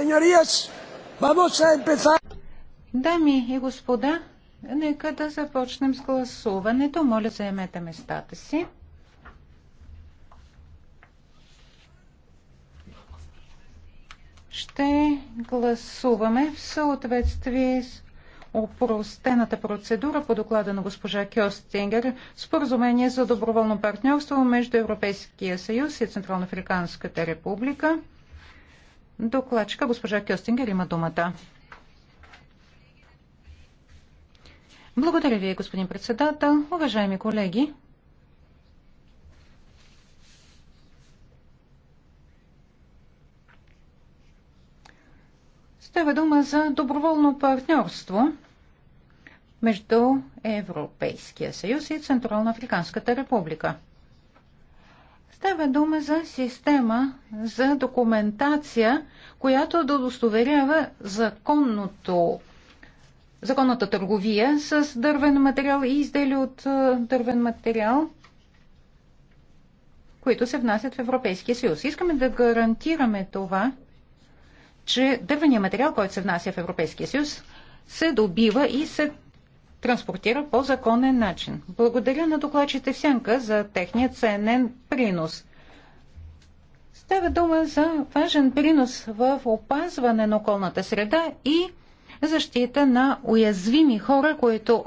Señorías, vamos a empezar. Дами и господа, нека да започнем с гласуването. Моля, заемете местата си. Ще гласуваме в съответствие с опростената процедура по доклада на госпожа Кьостингер споразумение за доброволно партньорство между Европейския съюз и Централноафриканската република. Докладчика госпожа Кьостингер има думата. Благодаря ви, господин председател. Уважаеми колеги, Става дума за доброволно партньорство между Европейския съюз и Централноафриканската република. Става дума за система за документация, която да удостоверява законното, законната търговия с дървен материал и изделия от е, дървен материал, които се внасят в Европейския съюз. Искаме да гарантираме това, че дървения материал, който се внася в Европейския съюз, се добива и се транспортира по законен начин. Благодаря на докладчите в Сянка за техния ценен принос. Става дума за важен принос в опазване на околната среда и защита на уязвими хора, които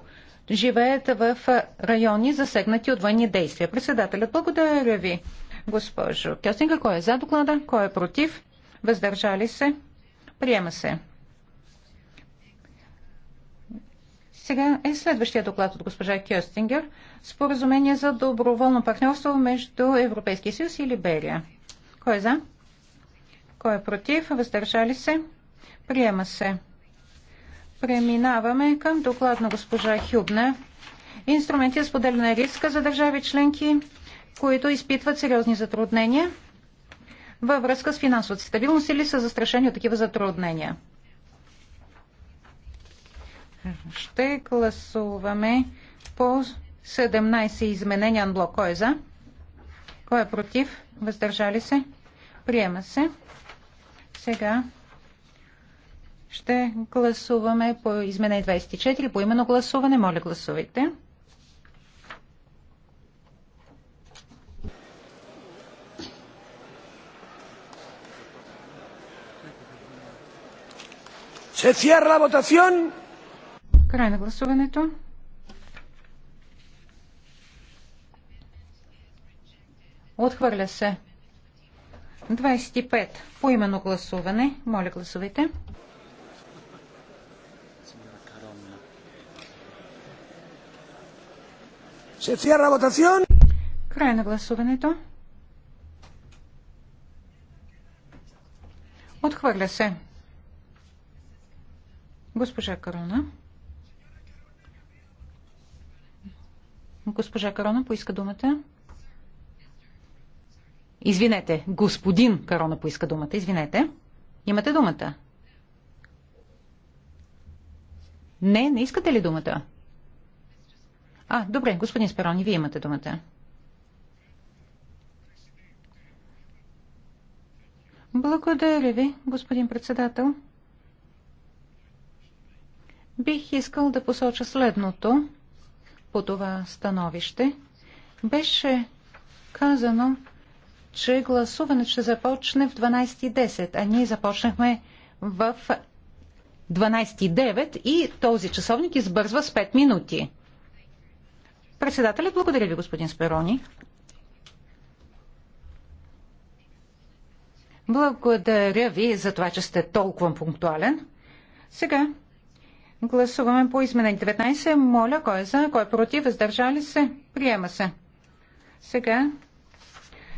живеят в райони засегнати от военни действия. Председателят, благодаря ви, госпожо Кьосинга. Кой е за доклада? Кой е против? Въздържали се? Приема се. Сега е следващия доклад от госпожа Кьостингер. Споразумение за доброволно партньорство между Европейския съюз и Либерия. Кой е за? Кой е против? Въздържали се? Приема се. Преминаваме към доклад на госпожа Хюбна: Инструменти за споделяне риска за държави членки, които изпитват сериозни затруднения във връзка с финансовата стабилност или са застрашени от такива затруднения. Ще гласуваме по 17 изменения анблок. Кой е за? Кой е против? Въздържали се? Приема се. Сега ще гласуваме по измене 24, по именно гласуване. Моля, гласувайте. Се cierra la votación. Край на гласуването. Отхвърля се. 25. По именно гласуване. Моля, гласувайте. Се Край на гласуването. Отхвърля се. Госпожа корона. Госпожа Карона поиска думата. Извинете, господин Карона поиска думата. Извинете. Имате думата. Не, не искате ли думата? А, добре, господин Сперони, вие имате думата. Благодаря ви, господин председател. Бих искал да посоча следното по това становище, беше казано, че гласуването ще започне в 12.10, а ние започнахме в 12.09 и този часовник избързва с 5 минути. Председателят, благодаря ви, господин Сперони. Благодаря ви за това, че сте толкова пунктуален. Сега Гласуваме по изменение 19. Моля, кой е за, кой е против, въздържали се, приема се. Сега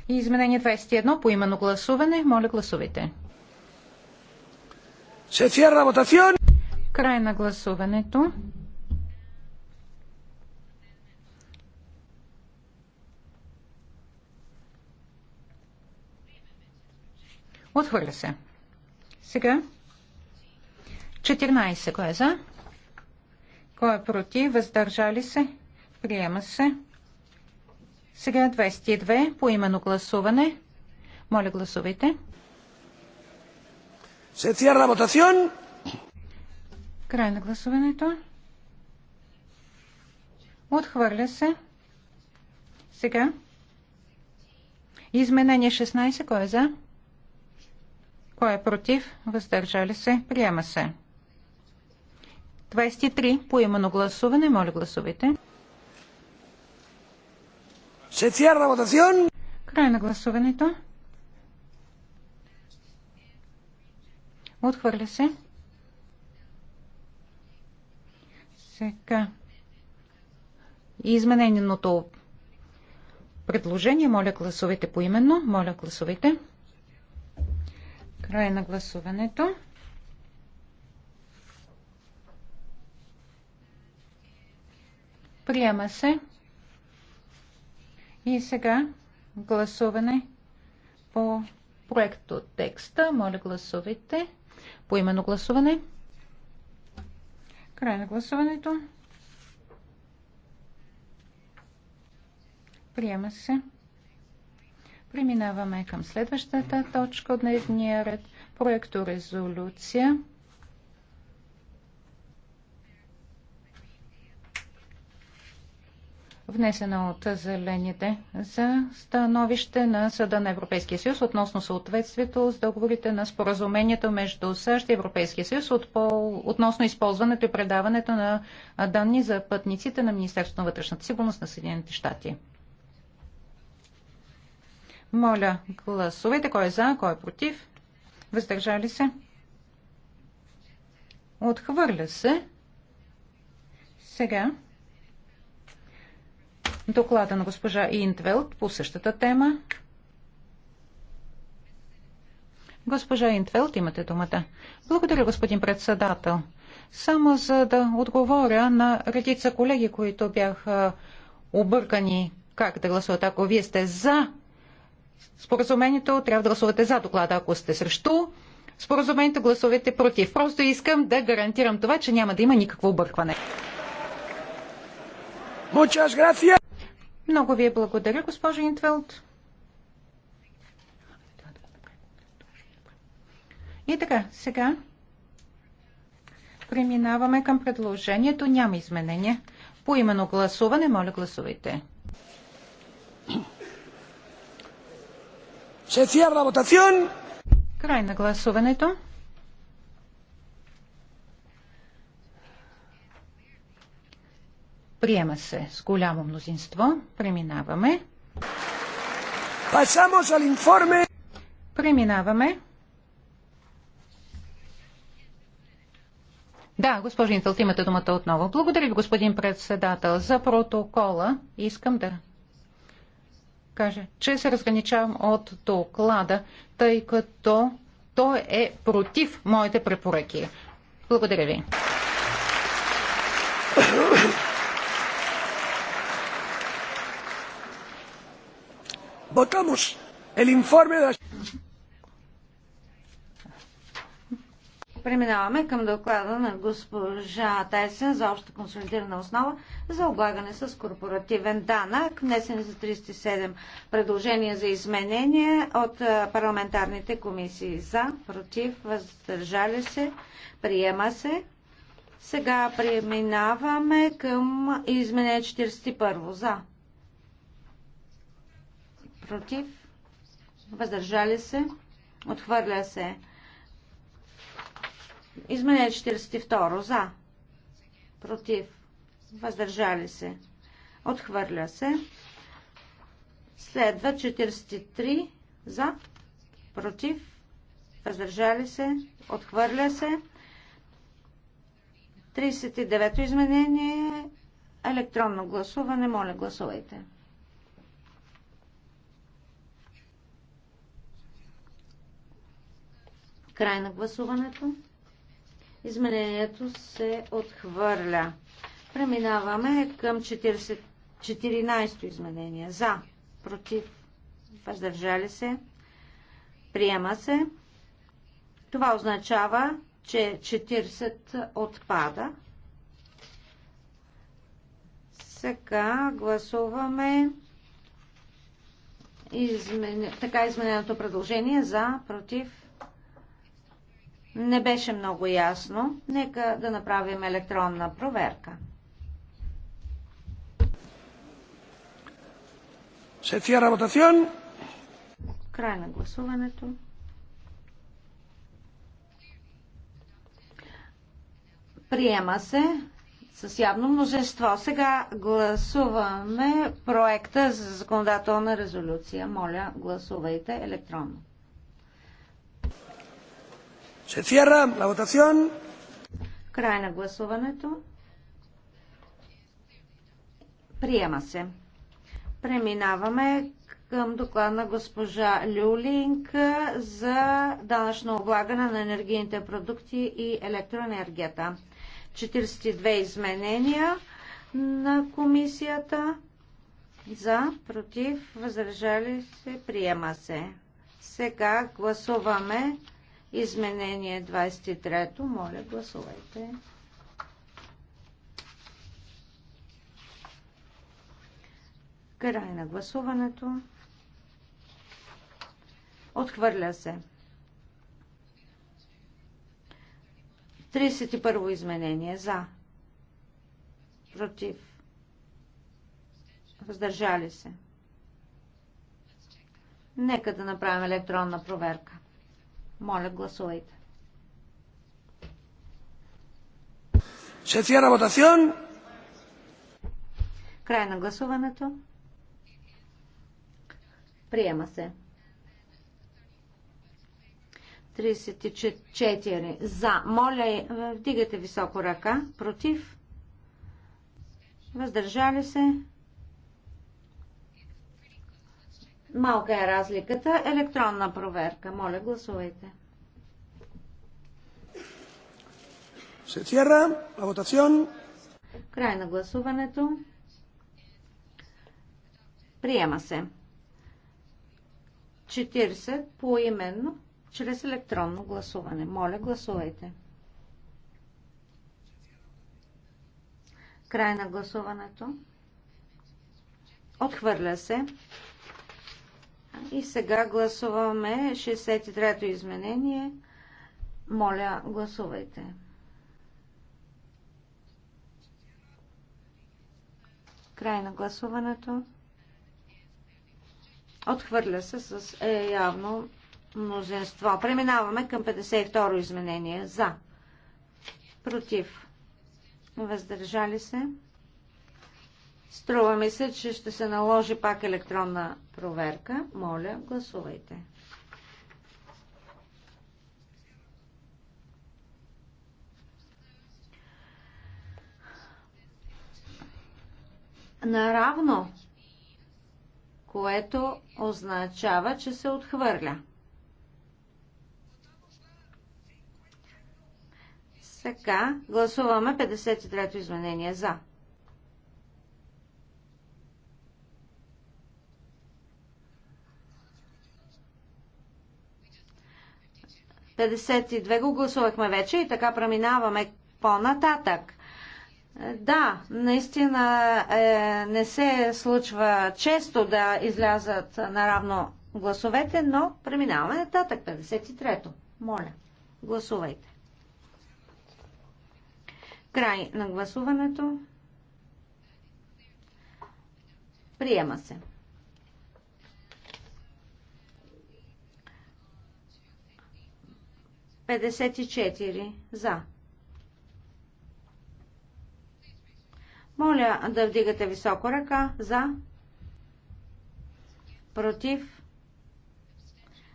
и изменение 21 по именно гласуване. Моля, гласувайте. Се Край на гласуването. Отхвърля се. Сега 14. Кой е за? Кой е против? Въздържали се? Приема се. Сега 22 по именно гласуване. Моля, гласувайте. Се цяра вотацион. Край на гласуването. Отхвърля се. Сега. Изменение 16. Кой е за? Кой е против? Въздържали се? Приема се. 23 по именно гласуване. Моля гласувайте. Се Край на гласуването. Отхвърля се. Сега. измененото предложение. Моля гласувайте поименно. Моля гласувайте. Край на гласуването. Приема се. И сега гласуване по проекто текста. Моля гласувайте. По именно гласуване. Край на гласуването. Приема се. Преминаваме към следващата точка от днешния ред. Проекто резолюция. внесена от Зелените за становище на Съда на Европейския съюз относно съответствието с договорите на споразумението между САЩ и Европейския съюз от пол... относно използването и предаването на данни за пътниците на Министерството на вътрешната сигурност на Съединените щати. Моля, гласувайте кой е за, кой е против. Въздържали се? Отхвърля се. Сега доклада на госпожа Интвелт по същата тема. Госпожа Интвелт, имате думата. Благодаря, господин председател. Само за да отговоря на редица колеги, които бяха объркани как да гласуват. Ако вие сте за споразумението, трябва да гласувате за доклада. Ако сте срещу споразумението, гласувате против. Просто искам да гарантирам това, че няма да има никакво объркване. Muchas gracias. Много ви благодаря, госпожо Интвелт. И така, сега преминаваме към предложението. Няма изменения. По именно гласуване, моля гласувайте. Се cierra Край на гласуването. Приема се с голямо мнозинство. Преминаваме. Pasamos Преминаваме. Да, господин Фелт, имате думата отново. Благодаря ви, господин председател, за протокола. Искам да кажа, че се разграничавам от доклада, тъй като той е против моите препоръки. Благодаря ви. Votamos el informe de Преминаваме към доклада на госпожа Тайсен за обща консолидирана основа за облагане с корпоративен данък. внесен за 37 предложения за изменение от парламентарните комисии за, против, въздържали се, приема се. Сега преминаваме към изменение 41 за против, въздържали се, отхвърля се. Изменение 42 за, против, въздържали се, отхвърля се. Следва 43 за, против, въздържали се, отхвърля се. 39 изменение електронно гласуване. Моля, гласувайте. Край на гласуването. Изменението се отхвърля. Преминаваме към 14-то изменение. За, против, въздържали се, приема се. Това означава, че 40 отпада. Сега гласуваме измен... така измененото предложение за, против, не беше много ясно. Нека да направим електронна проверка. Се цяра Край на гласуването. Приема се с явно множество. Сега гласуваме проекта за законодателна резолюция. Моля, гласувайте електронно. Се cierra la votación. Край на гласуването. Приема се. Преминаваме към доклад на госпожа Люлинг за данъчно облагане на енергийните продукти и електроенергията. 42 изменения на комисията за, против, възражали се, приема се. Сега гласуваме Изменение 23. Моля, гласувайте. Край на гласуването. Отхвърля се. 31 изменение. За. Против. Въздържали се. Нека да направим електронна проверка. Моля, гласувайте. Се цяра вотацион. Край на гласуването. Приема се. 34 за. Моля, вдигате високо ръка. Против. Въздържали се. Малка е разликата. Електронна проверка. Моля, гласувайте. Се цяра. la Край на гласуването. Приема се. 40 поименно чрез електронно гласуване. Моля, гласувайте. Край на гласуването. Отхвърля се. И сега гласуваме 63-то изменение. Моля, гласувайте. Край на гласуването. Отхвърля се с е, явно мнозинство. Преминаваме към 52-ро изменение. За. Против. Въздържали се. Струва ми се, че ще се наложи пак електронна проверка. Моля, гласувайте. Наравно, което означава, че се отхвърля. Сега гласуваме 53-то изменение за. 52 го гласувахме вече и така преминаваме по-нататък. Да, наистина е, не се случва често да излязат наравно гласовете, но преминаваме нататък. 53-то. Моля, гласувайте. Край на гласуването. Приема се. 54 за. Моля да вдигате високо ръка за, против,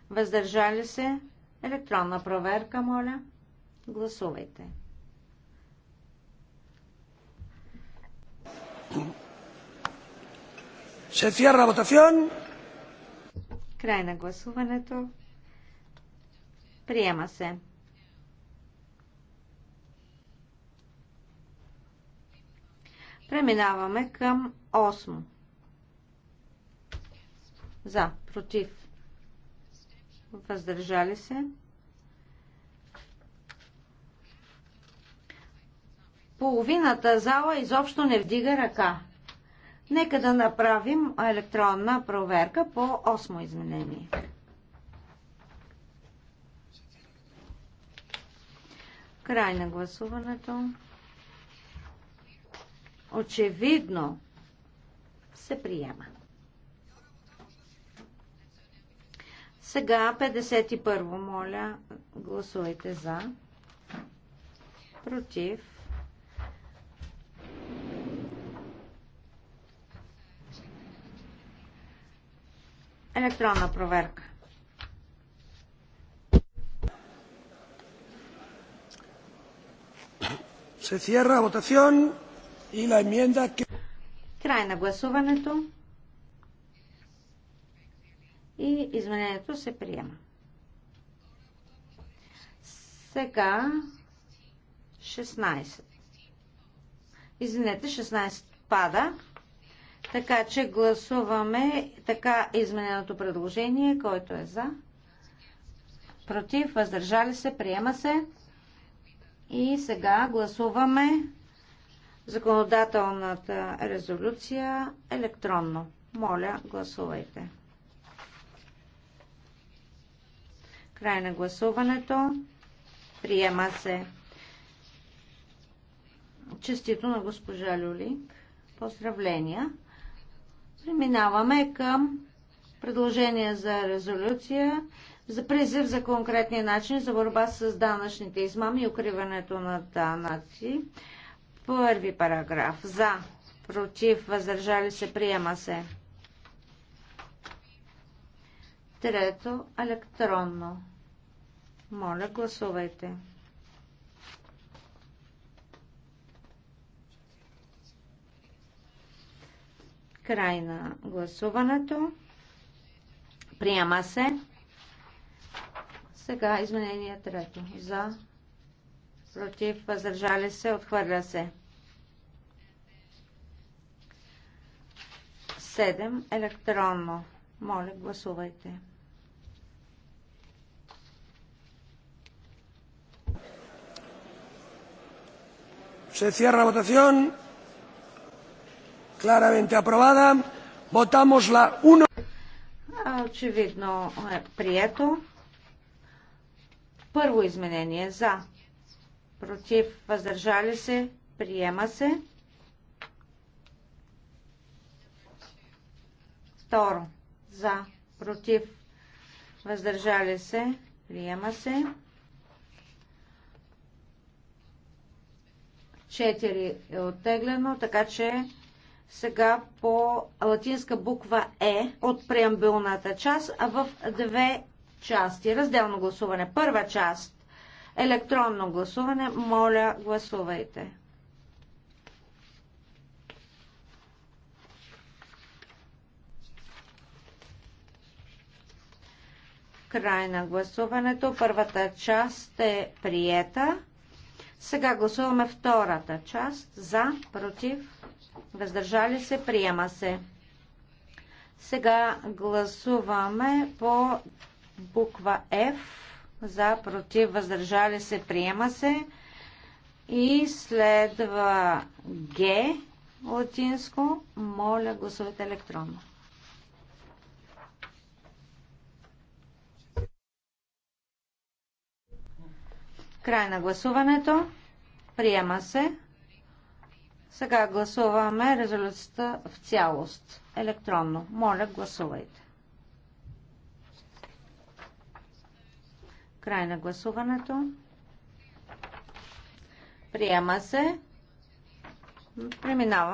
въздържали се, електронна проверка, моля. Гласувайте. Се cierra votación. Край на гласуването. Приема се. Преминаваме към 8. За, против, въздържали се. Половината зала изобщо не вдига ръка. Нека да направим електронна проверка по 8 изменение. Край на гласуването. Очевидно се приема. Сега 51 во моля, гласувайте за. Против. Електронна проверка. Край на гласуването. И изменението се приема. Сега 16. Извинете, 16 пада. Така че гласуваме така измененото предложение, който е за. Против, въздържали се, приема се. И сега гласуваме законодателната резолюция електронно. Моля, гласувайте. Край на гласуването. Приема се. Честито на госпожа Люлинг. Поздравления. Преминаваме към предложение за резолюция за призив за конкретни начини за борба с данъчните измами и укриването на данъци. Първи параграф. За. Против. Въздържали се. Приема се. Трето. Електронно. Моля, гласувайте. Край на гласуването. Приема се. Сега изменение трето. За, против, въздържали се, отхвърля се. 7. Електронно. Моля, гласувайте. Se cierra Клара Claramente апробада. Votamos la 1. Очевидно е прието. Първо изменение за, против, въздържали се, приема се. Второ, за, против, въздържали се, приема се. Четири е оттеглено, така че сега по латинска буква Е от преамбилната част в две части. Разделно гласуване. Първа част. Електронно гласуване. Моля, гласувайте. Край на гласуването. Първата част е приета. Сега гласуваме втората част. За, против, въздържали се, приема се. Сега гласуваме по буква F за против въздържали се приема се и следва Г латинско моля гласувате електронно край на гласуването приема се сега гласуваме резолюцията в цялост електронно моля гласувайте Край на гласуването. Приема се. Преминава.